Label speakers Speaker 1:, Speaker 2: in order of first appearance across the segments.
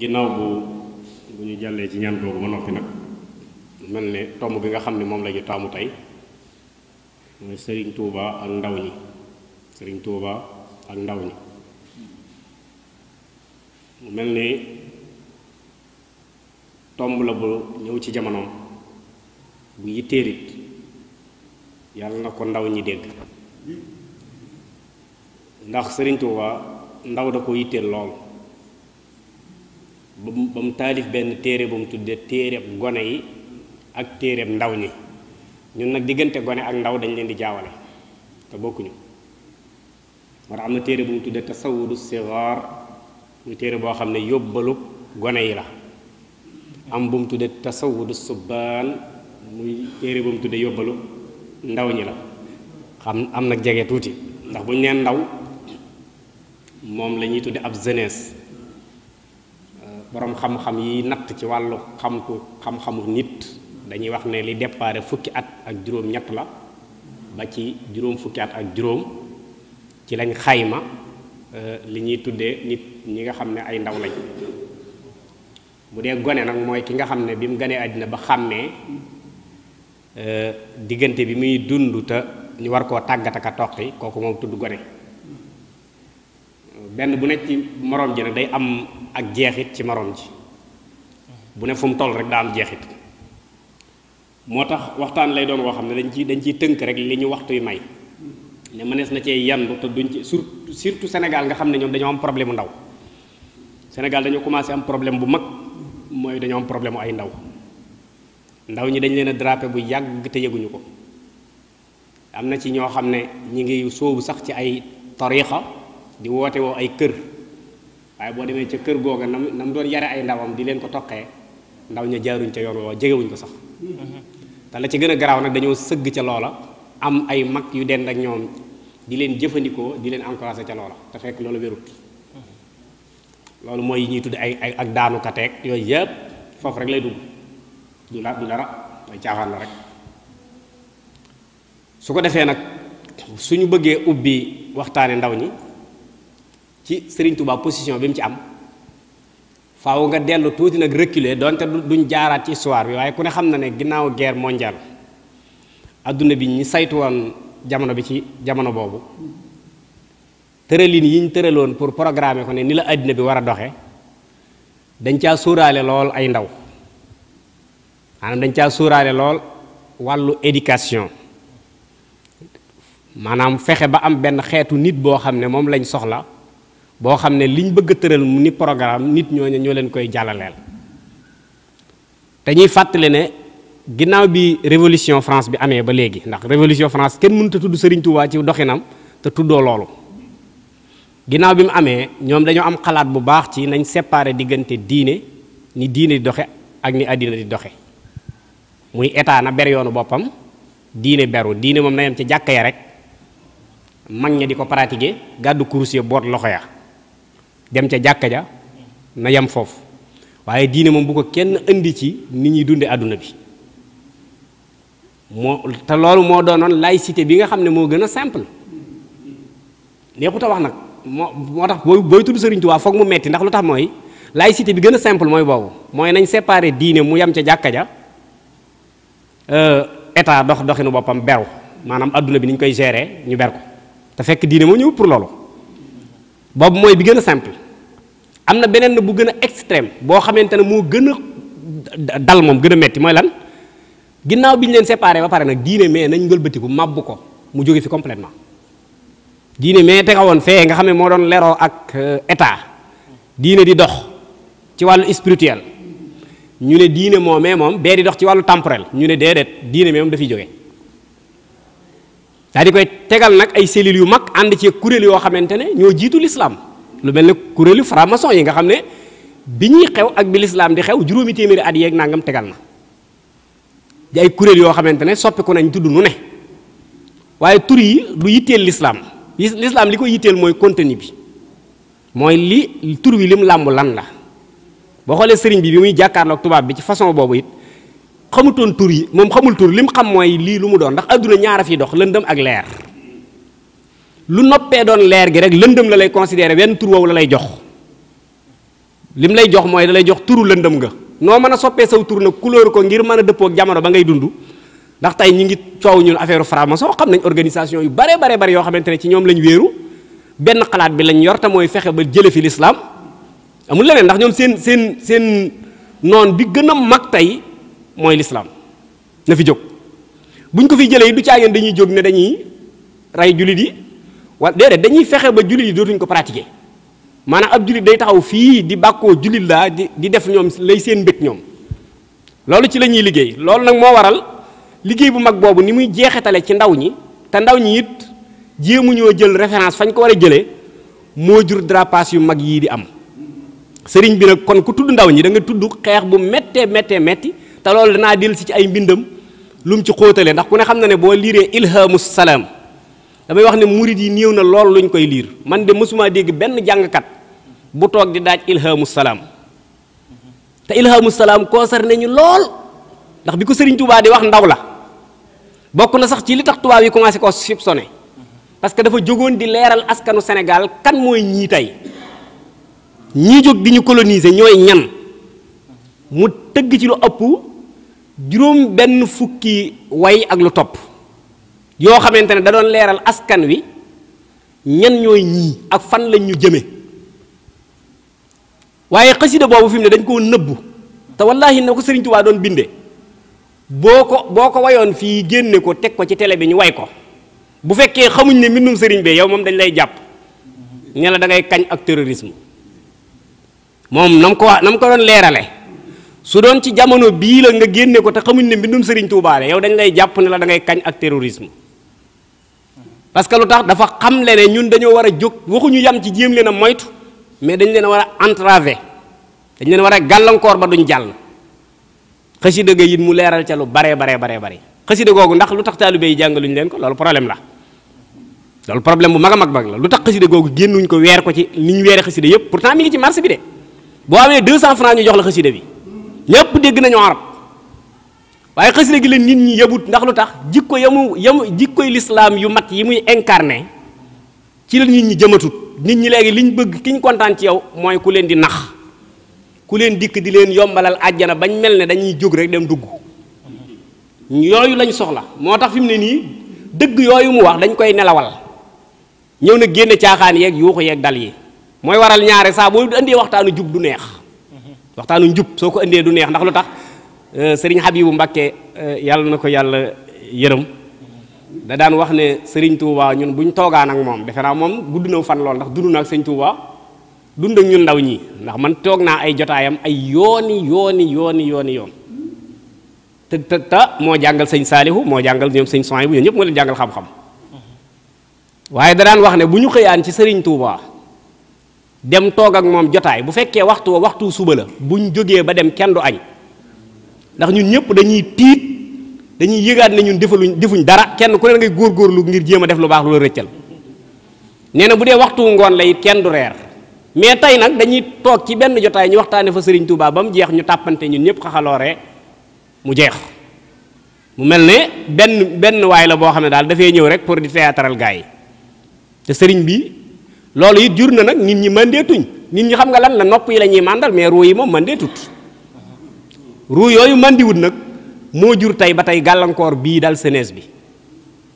Speaker 1: ginnaaw bu bu ñu jàllee ci ñaan ba noppi nag mel ni tomb bi nga xam ne moom la ñu taamu tey mooy sëriñ tuuba ak ndaw ñi sëriñ tuuba ak ndaw ñi mu mel ni tomb la bu ñëw ci jamonoom bu yitteelit yàlla na ko ndaw ñi dégg ndax sëriñ tuuba ndaw da ko yitteel lool ba mu taalif benn téere ba mu tuddee téere gone yi ak téere ndaw ñi ñun nag diggante gone ak ndaw dañ leen di jaawale te bokkuñu war am na téere bu mu tuddee tasawudu sigaar mu téere boo xam ne yóbbalu gone yi la am bu mu tuddee tasawudu subbaan muy téere bu mu tuddee yóbbalu ndaw ñi la xam am nag jege tuuti ndax bu ñu nee ndaw moom la ñuy tuddee ab jeunesse borom xam-xam yi nat ci wàllu xamtu xam-xamu nit dañuy wax ne li déparé fukki at ak juróom ñett la ba ci juróom fukki at ak juróom ci lañ xayma euh, li ñuy tuddee nit ñi nga xam ne ay ndaw lañ bu dee gone nag mooy ki nga xam ne bi mu ganee àddina ba xàmmee euh, diggante bi muy dund te ñu war koo tàggat ak a toqi kooku moom tudd gone benn bu nekk ci moroom ji nag day am ak jeexit ci moroom ji bu ne fu mu toll rek daa am jeexit moo tax waxtaan lay doon woo xam ne dañ ci dañ ciy tënk rek li ñu waxtu yu may ne mënees na cee yandu te duñ ci surtout surtout Sénégal nga xam ne ñoom dañoo am problème mu ndaw Sénégal dañoo commencé am problème bu mag mooy dañoo am problème ay ndaw ndaw ñi dañ leen a drapé bu yàgg te yëguñu ko am na ci ñoo xam ne ñi ngi soobu sax ci ay tariixa di woote woo ay kër waaye boo demee ca kër googa nam nam doon yare ay ndawam di leen ko toqee ndaw ña jaaruñ ca yoon woo jegewuñ ko sax mm-hmm. te la ci gën a garaaw nag dañoo sëgg ca loola am ay mag yu dend ak ñoom di leen jëfandikoo di leen encouragé ca loola te fekk loolu wérut mm-hmm. loolu mooy yi ñuy tudd ay ay ak daanu kateeg yooyu yëpp foofu rek lay dugg du la du dara ay caaxaan la rek su ko defee nag suñu bëggee ubbi waxtaane ndaw ñi ci Serigne Touba position bi mu ci am faw nga dellu tuuti nag reculer donte duñ jaaraat ci histoire bi waaye ku ne xam na ne ginnaaw guerre mondiale àdduna bi ñu saytu woon jamono bi ci jamono boobu tëralin yi ñu tëraloon pour programmer ko ne ni la addina bi war a doxe dañ caa suuraale lool ay ndaw maanaam dañ caa suuraale lool wàllu éducation maanaam fexe ba am benn xeetu nit boo xam ne moom lañ soxla bo xamne ne liñ bëgg tëral ni programme nit ñooñu ñoo leen koy jàllaleel dañuy fàttali ne ginnaaw bi révolution france bi amee ba léegi ndax révolution france kenn mënut a tudd sëriñ Touba ci doxinam te tuddoo loolu ginnaaw bi mu amee ñoom dañoo am xalaat bu baax ci nañ séparé diggante diine ni diine di doxe ak ni adina di doxe muy état na ber yoonu boppam diine beru diine moom na yam ca jàkka ya rek mag ña di ko pratiquer gàddu kurus ya boot loxo ya dem ca jàkka ja na yem foofu waaye diine moom bu ko kenn indi ci nit ñi dunde àdduna bi moo te loolu moo doon lay laïcité bi nga xam ne moo gën a simple neexut a wax nag moo moo tax booy booy tudd Sëriñ Tuubaa foog mu metti ndax lu tax mooy laïcité bi gën a simple mooy boobu mooy nañ séparé diine mu yem ca jàkka ja euh, état dox doxinu boppam beru maanaam adduna bi ni ñu koy gérer ñu ber ko te fekk diine moo ñëw pour loolu boobu mooy bi gën a simple am na beneen bu gën a extrême boo xamante ne moo gën a dal moom gën a metti mooy lan ginnaaw bi leen séparé ba pare nag diine mais nañ ngëlbatiku mabbu ko mu jóge fi complètement diine mais tegawoon fee nga xam ne moo doon leroo ak euh, état diine di dox ci wàllu spirituel ñu ne diine moomee moom bee di dox ci wàllu temporel ñu ne déedéet diine mais moom dafiy jóge daa di koy tegal nag ay cellules yu mag ànd ci kuréel yoo xamante ne ñoo jiitu lislaam lu mel ne kuréelu franc-maçon yi nga xam ne bi ñuy xew ak bi lislaam di xew juróomi téeméeri at yeeg nangam tegal na di ay kuréel yoo xamante ne soppiku nañ tudd nu ne waaye tur yi du yitteel lislaam lislaam li ko yitteel mooy contenu bi mooy li tur wi mu làmb lan la boo xoolee sëriñ bi bi muy jàkkaarloog tubaab bi ci façon boobu it xamutoon tur yi moom xamul tur lim xam mooy lii lu mu doon ndax àdduna ñaara fi dox lëndëm ak leer lu noppee doon leer gi rek lëndëm la lay considéré wenn tur woowu la lay jox lim lay jox mooy da lay jox turu lëndëm nga noo mën a soppee saw tur na couleur ko ngir mën a dëppoo jamono ba ngay dund ndax tey ñi ngi coow ñun affaire franc soo xam nañ organisation yu bare bare bare yoo xamante ne ci ñoom lañ wéeru benn xalaat bi lañ yor te mooy fexe ba jële fi lislaam amul leneen ndax ñoom seen seen seen noon bi gën a mag tey moy l'islam na fi jog buñ ko fi jëlé du caageen dañuy jog né dañuy ray julit yi wa dédé dañuy fexé ba julit yi dootuñ ko pratiquer manam ab julit day taxaw fi di bako julit la di di def ñom lay seen bëkk ñom loolu ci lañuy liggéey loolu nak mo waral liggéey bu mag bobu ni muy jéxétalé ci ndaw ñi ta ndaw ñi it jéemu ñoo jël référence fañ ko wara a mo jur drapage yu mag yi di am sëriñ bi nak kon ku tuddu ndaw ñi da nga tuddu xeex bu metti ta loolu dana dil si ci ay mbindam lum ci xóotale ndax ku ne xam na ne boo liiree ilhamu salaam damay wax ne murid yi néew na lool luñ koy liir man de mësuma dégg benn jàngkat bu toog di daaj ilhamu Salam. te ilhamu Salam concerné ñu lool ndax bi ko sëriñ tubaa di wax ndaw la bokk na sax ci li tax tubaab yi commencé sip soupçonné parce que dafa jógoon di leeral askanu sénégal kan mooy ñii tey ñii jóg di ñu coloniser ñooy ñan mu tëgg ci lu ëpp juróom benn fukki way ak lu topp yoo xamante ne da doon leeral askan wi ñan ñooy ñii ak fan lañ ñu jëme waaye xasida boobu fi mu ne dañ koo nëbbu te wallaahi na ko Sëriñ doon binde boo ko boo ko wayoon fii génne ko teg ko ci tele bi ñu way ko bu fekkee xamuñ ne mbindum sëriñ bi yow moom dañ lay jàpp ne dangay kañ ak terrorisme moom na mu ko na mu ko doon leerale su doon ci jamono bii la nga génne ko te xamuñ ne mbindum sëriñ Touba la yow dañ lay jàpp ne la da ngay kañ ak terrorisme parce que lu tax dafa xam le ne ñun dañoo war a jóg waxuñu yam ci jéem leen a moytu mais dañ leen a war a entravé dañ leen war a gàllankoor ba duñ jàll xasida ga yit mu leeral ca lu bare bare bare bare xasida googu ndax lu tax taalibe yi jàngaluñ leen ko loolu problème la loolu problème bu mag a mag mag la lu tax xasida googu génnuñ ko weer ko ci ni ñu weere xasida yépp pourtant mi ngi ci marché bi de boo amee 200 francs ñu jox la xasida bi ñépp dégg nañu arab waaye xasida gi la nit ñi yëbut ndax lu tax jikko yamu yamu jikkoy lislaam yu mat yi muy incarné ci la nit ñi jëmatut nit ñi léegi liñ bëgg kiñ kontaan ci yow mooy ku leen di nax ku leen dikk di leen yombalal àjjana bañ mel ne dañuy jóg rek dem dugg yooyu lañ soxla moo tax fi mu ne nii dëgg yooyu mu wax dañ koy nelawal ñëw na génne caaxaan yeeg yuuxu yeeg dal yi mooy waral ñaari saa boo indi waxtaanu jub du neex waxtaanu njub soo ko indee du neex ndax lu tax euh, sëriñ Habibu Mbàkke euh, yàlla na ko yàlla yërëm da daan wax ne sëriñ Touba ñun buñ toogaan ak moom defe naa moom gudd fan lool ndax dund na ak sëñ Touba dund ak ñun ndaw ñi ndax man toog naa ay jotaayam ay yooni yooni yooni yooni yoon te te te moo jàngal sëñ Saalihu moo jàngal ñoom sëñ Sohaybu ñëpp moo leen jàngal xam-xam waaye da daan wax ne bu ñu xëyaan ci sëriñ Touba dem toog ak moom jotaay bu fekkee waxtu wa waxtu suba la bu buñ jógee ba dem kenn du añ ndax ñun ñëpp dañuy tiit dañuy yëgaat ne ñun defaluñ defuñ dara kenn ku ne ngay góorgóorlu ngir jéema def lu baax lu la rëccal nee na bu dee waxtu ngoon lay kenn du reer mais tey nag dañuy toog ci benn jotaay ñu waxtaane fa Sëriñ Tuubaa ba mu jeex ñu tàppante ñun ñëpp xaxaloore mu jeex mu mel ne benn benn waay la boo xam ne daal dafay ñëw rek pour di théâtral gars yi sëriñ bi loolu it jur na nag nit ñi màndeetuñ nit ñi xam nga lan la nopp yi lañuy ñuy màndal mais ruu yi moom màndeetut ruu yooyu màndiwut nag moo jur tey ba tey gàllankoor bii dal senees bi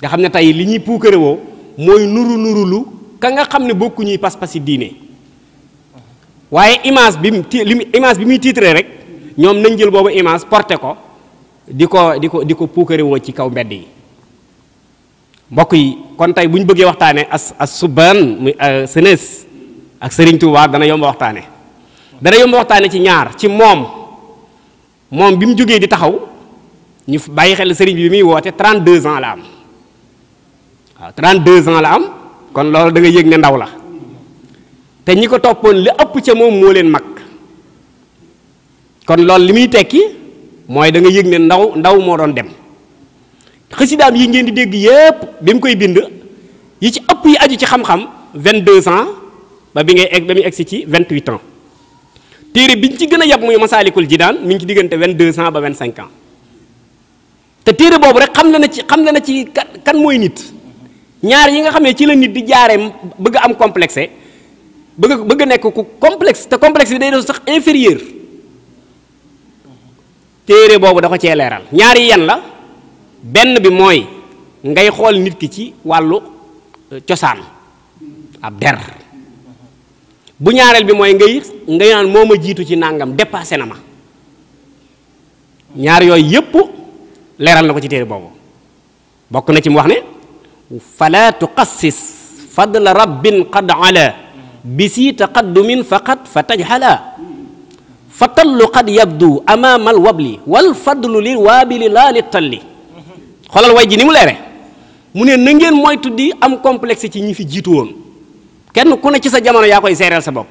Speaker 1: nga xam ne tey li ñuy puukare woo mooy nuru nuru lu ka nga xam ne bokkuñuy pas-pas yi diine waaye image bi mu image bi muy titré rek ñoom nañ jël boobu image porté ko di ko di ko di ko puukare woo ci kaw mbedd yi mbokk yi kon tey bu ñu bëggee waxtaanee as as subbaan muy euh, senes ak Serigne Touba dana yomb waxtaane dana yomb waxtaane ci ñaar ci moom moom bi mu jógee di taxaw ñu bàyyi xel Serigne bi bi muy woote 32 ans la am waaw 32 ans la am kon loolu da nga yëg ne ndaw la te ñi ko toppoon li ëpp ca moom moo leen mag kon loolu li muy tekki mooy da nga yëg ne ndaw ndaw moo doon dem. xasidaam yi ngeen di dégg yépp bi mu koy bind yi ci ëpp yi aju ci xam-xam vingt-deux ans ba bi ngay egg ba muy egsi ci vingt-huit ans téere bi ñu ci gën a yab muy masaalikul jinaan mi ngi ci diggante vingt-deux ans ba vingt-cinq ans te téere boobu rek xam la na ci xam la na ci kan mooy nit ñaar yi nga xam ne ci la nit di jaaree bëgg am complexe bëgg bëgg nekk ku complexe te complexe bi day doon sax inférieur téere boobu da ko cee leeral ñaar yi yan la benn bi mooy ngay xool nit ki ci wàllu euh, cosaan ab der bu ñaareel bi mooy ngay ngay naan moo ma jiitu ci nàngam dépassé na ma ñaar yooyu yépp leeral na ko ci téere boobu bokk na ci mu wax ne fala tuqassis rab rabbin qad ala bisi taqaddumin faqat fa tajhala fa tallu qad yabdu amaama alwabli walfadlu lil waabili laa li xolal way ji ni mu leere mu ne na ngeen moy di am complexe ci ñi fi jitu won kenn ku ne ci sa jamono ya koy seereel sa bop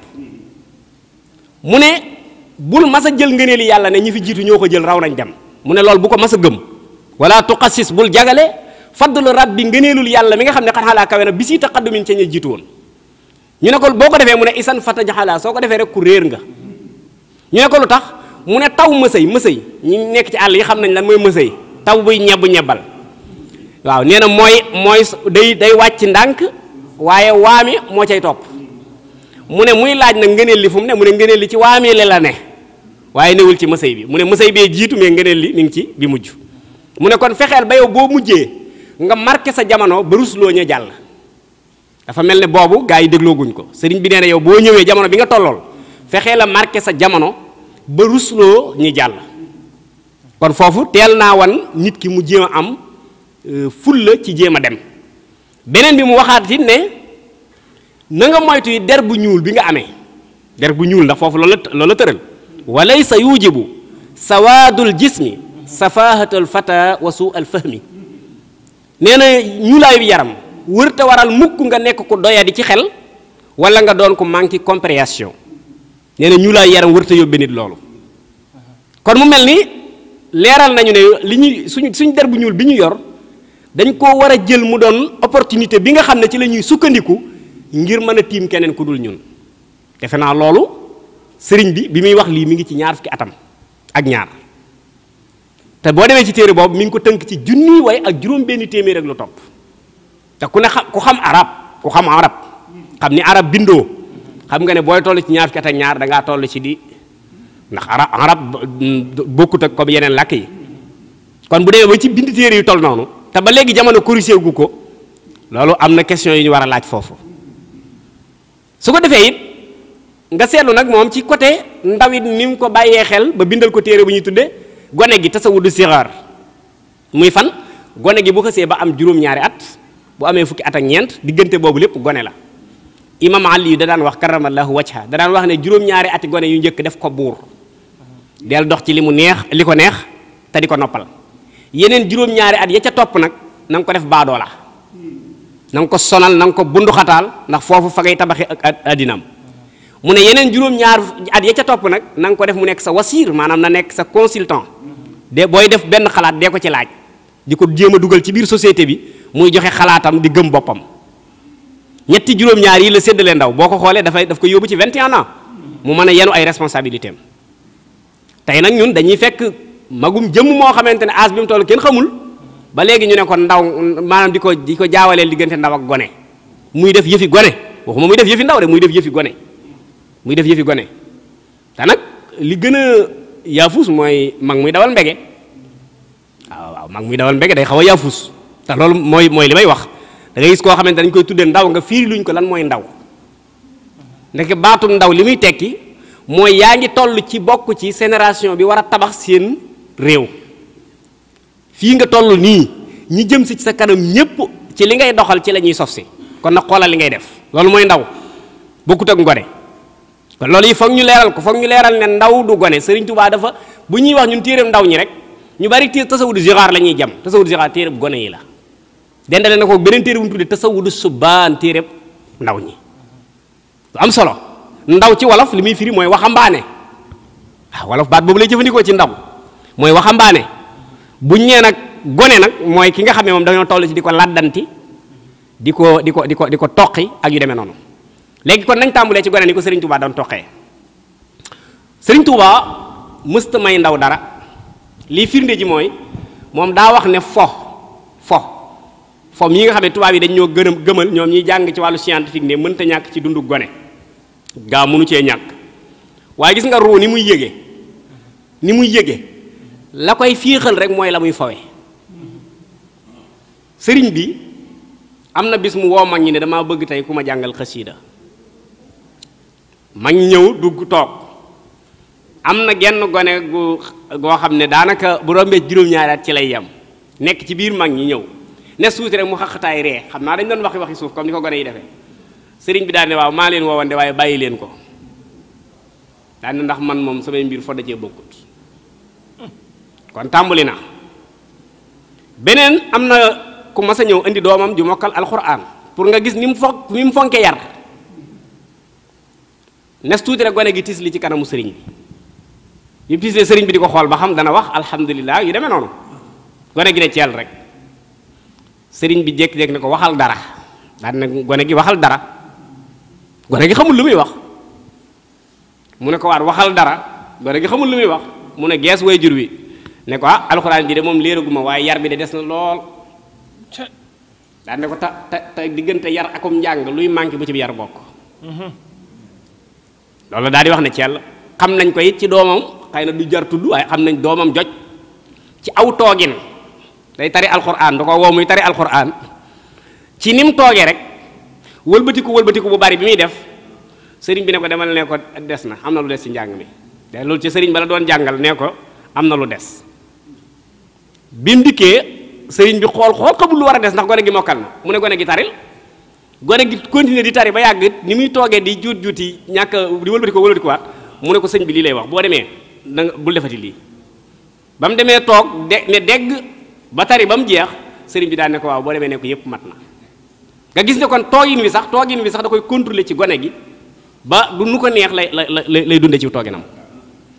Speaker 1: mu ne bul masa jël ngëneeli yalla ne ñi fi jitu ñoko jël raw nañ dem mu ne lool bu ko masa gëm wala tuqassis bul jagale fadlu rabbi ngëneelul yalla mi nga xamne ne xan xalaa bi si taqaddumin ci ñi jitu won ñu ne ko boko defé mu ne isan fatajhala soko defé rek ku reer nga ñu ne ko lutax mu ne taw mësëy mësëy ñi nekk ci àll yi xam nañ lan mooy mësëy taw buy ñebb ñebbal waaw nee na mooy mooy day day wàcc ndànk waaye waami moo cay topp mu ne muy laaj nag ngëneel li fu mu ne mu ne ngëneel li ci waamee le la ne waaye newul ci mësay bi mu ne mësay bee jiitu mais ngëneel li mi ngi ci bi mujj mu ne kon fexeel ba yow boo mujjee nga marqué sa jamono ba rusloo ñu jàll dafa mel ne boobu gaa yi déglooguñ ko sëriñ bi nee na yow boo ñëwee jamono bi nga tollool fexee la marke sa jamono ba rusloo ñu jàll kon foofu teel naa wan nit ki mu jéem a am Euh, fulla ci jéem a dem beneen bi mu waxaat it ne na nga moytu der bu ñuul bi nga amee der bu ñuul ndax foofu loola loola tëral walay sa yujibu sawaadul jismi safahatul fata wasu suu al fahmi nee na ñuulaayu yaram wërta waral mukk nga nekk ku doyadi ci xel wala nga doon ko manqué compréhension nee na ñuulaayu yaram wërta yóbbe nit loolu kon mu mel ni leeral nañu ne li ñuy suñu suñu der bu ñuul bi ñu yor dañ ko war a jël mu doon opportunité bi nga xam ne ci lañuy sukkandiku ngir mën a tiim keneen ku dul ñun defe naa loolu sëriñ bi bi muy wax lii mi ngi ci ñaar fukki atam ak ñaar te boo demee ci téere boobu mi ngi ko tënk ci junniy way ak juróom benn téeméer ak lu topp te ku ne xam ku xam arab ku xam arab xam ni arab bindoo xam nga ne booy toll ci ñaar fukki at ak ñaar da ngaa toll ci di ndax arab arab mm, bokkut ak comme yeneen làkk yi kon bu demee ba ci bind téere yu toll noonu ta ba léegi jamono corrigé gu ko loolu am na question yu ñu war a laaj foofu su ko defee it nga seetlu nag moom ci côté ndaw it ko bàyyee xel ba bindal ko téere bu ñuy gi tasawudu siraar muy fan gi bu xësee ba am juróom-ñaari at bu amee fukki at ak ñeent diggante boobu la imam ali da daan wax karamallahu wajha da daan wax ne juróom-ñaari ati gone yu njëkk def ko buur del dox ci li neex li neex noppal yeneen juróom-ñaari at ya ca topp nag nanga ko def baadoola na nga ko sonal na nga ko bunduxataal ndax foofu fag ngay tabaxee ak addinam mu ne yeneen juróom-ñaar at ya ca topp nag na nga ko def mu nekk sa wasiir maanaam na nekk sa consultant de booy def benn xalaat dee ko ci laaj di ko jéem a dugal ci biir société bi muy joxe xalaatam di gëm boppam ñetti juróom-ñaar yi la séddalee ndaw boo ko xoolee dafay daf ko yóbbu ci vingt 21 ans mu mën a yenu ay responsabilités magum jëmm moo xamante ne as bi mu toll kenn xamul ba léegi ñu ne ko ndaw maanaam di ko di ko jaawaleel diggante ndaw ak gone muy def yëfi gone waxuma muy def yëfi ndaw de muy def yëfi gone muy def yëfi gone te nag li gën a yaafus mooy mag muy dawal mbege waaw waaw mag muy dawal mbege day xaw a yaafus te loolu mooy mooy li may wax da gis koo xamante dañ koy tuddee ndaw nga fiiri luñ ko lan mooy ndaw ndeke baatum ndaw li muy tekki mooy yaa ngi toll ci bokk ci génération bi war a tabax seen réew fii nga toll nii ñi jëm si ci sa kanam ñépp ci li ngay doxal ci la ñuy sof si kon nag xoolal li ngay def loolu mooy ndaw bokkut ak ngone kon loolu yi foog ñu leeral ko foog ñu leeral ne ndaw du gone Serigne Touba dafa bu ñuy wax ñun téeréem ndaw ñi rek ñu bari téer tasawudu zixaar la ñuy jam tasawudu zixaar téeréb gone yi la dendale na ko beneen téere bu ñu tuddee tasawudu subaan téeréb ndaw ñi lu am solo ndaw ci wolof li muy firi mooy waxambaane waa ah, wolof boobu lay jëfandikoo ci ndaw mooy waxambaane buñ nee nag gone nag mooy ki nga xam ne moom dañoo toll ci di ko laddanti di ko di ko di ko di ko toqi ak yu demee noonu léegi kon nañ tàmbulee ci gone ni ko Serigne Touba doon toqee sëriñ Touba mësta may ndaw dara lii firnde ji mooy moom daa wax ne fo fo fo mi nga xam ne tubaab yi dañ ñoo gën gëmal ñoom ñuy jàng ci wàllu scientifique ne mënta ñàkk ci dundu gone gaa mënu cee ñàkk waaye gis nga ruu ni muy yëge ni muy yëge la koy fiixal rek mooy la muy fawe sëriñ bi am na bis mu woo mag ñi ne damaa bëgg tey ku ma jàngal xasiida mag ñëw dugg toog am na genn gone gu goo xam ne daanaka bu rombee juróom-ñaari at ci lay yem nekk ci biir mag ñi ñëw ne suuti rek mu xaqataay ree xam naa dañ doon waxi waxi suuf comme ni ko gone yi defee sëriñ bi daal waaw maa leen woowande waaye bàyyi leen ko daal ndax man moom samay mbir fodda cee bokkut kon tàmbali na beneen am na ku mas a ñëw indi doomam ju mokkal alxuraan pour nga gis ni mu fo ni mu fonke yar nes tuuti li ci kanamu sëriñ bi sëriñ bi di ko xool ba xam dana wax alhamdulilah yu demee noonu gone gi ne ceel rek sëriñ bi jékki-jékki ne ko waxal dara daan na gone gi waxal dara gone gi xamul lu muy wax mu ne ko waat waxal dara gone gi xamul lu muy wax mu ne gees way jur wi ne ko ah alquran bi de mom leeruguma way yar bi de dess na lol da ne ko ta ta ta yar akum jang luy manki bu ci yar bokk mhm. loolu daal di wax ne yalla xam nañ ko yit ci domam xayna du jar tuddu way xam nañ domam joj ci aw togin day tari alquran dako wo muy tari alquran ci nim toge rek wëlbatiku wëlbatiku bu bari bi muy def serigne bi ne ko demal ne ko dess na amna lu dess ci jang bi te ci serigne bala doon ne ko amna lu dess bi mu dikkee sëriñ bi xool xool xamul lu war a des ndax gone gi mokkal na mu ne gone gi taril gone gi continuer di tari ba yàgg ni muy toogee di juut juuti ñàkk di wëlbati ko wëlbati ko waat mu ne ko sëñ bi lii lay wax boo demee da nga bul defati lii ba mu demee toog de ne dégg ba tari ba mu jeex sëriñ bi daan ne ko waaw boo demee nekk ko yépp mat na nga gis ne kon toogin wi sax toogin wi sax da koy contrôler ci gone gi ba du nu ko neex lay lay lay dunde ci tooginam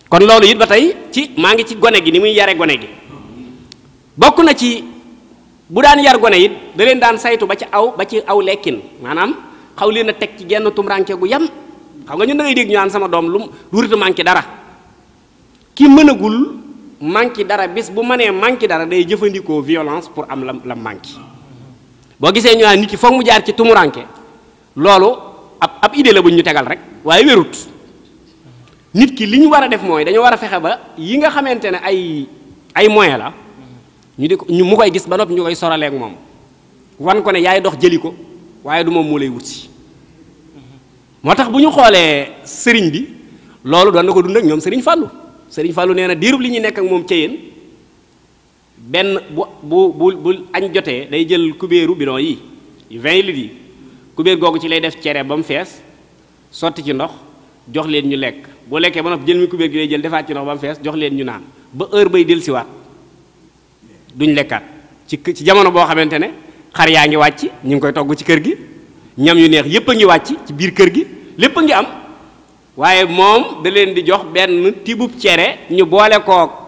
Speaker 1: kon loolu it tey ci maa ngi ci gone gi ni muy yare gone gi bokku na ci bu daan yar gone it da leen daan saytu ba ci aw ba ci aw lekin manam xaw leen tek ci genn ranke gu yam xaw nga ñu ngay deg ñaan sama dom lu wurtu manki dara ki mënagul manki dara bis bu mané manki dara day jëfëndiko violence pour am la manki bo gisé ñu naan nit ki mu jaar ci tumuranke lolu ab ab idée la bu ñu tegal rek waye wérut nit ki liñu wara def moy dañu wara fexé ba yi nga xamantene ay ay moyen la ñu di ko ñu mu koy gis ba noppi ñu koy soraleeg moom wan ko ne yaay dox jëli ko waaye du moom moo lay wut si moo tax bu ñu xoolee sëriñ bi loolu doon na ko dund ak ñoom sëriñ Fallou sëriñ Fallou nee na diirub li ñuy nekk ak moom ca benn bu bu bu bu añ jotee day jël kubéeru bidon yi vingt litres yi kubéer googu ci lay def cere ba mu fees sotti ci ndox jox leen ñu lekk boo lekkee ba noppi jël mi kubéer gi lay jël defaat ci ndox ba mu fees jox leen ñu naan ba heure bay dellusiwaat duñ lekkaat ci ci jamono boo xamante ne xar yaa ngi wàcc ñu ngi koy togg ci kër gi ñam yu neex yépp a ngi wàcc ci biir kër gi lépp a ngi am waaye moom da leen di jox benn tibub cere ñu boole kook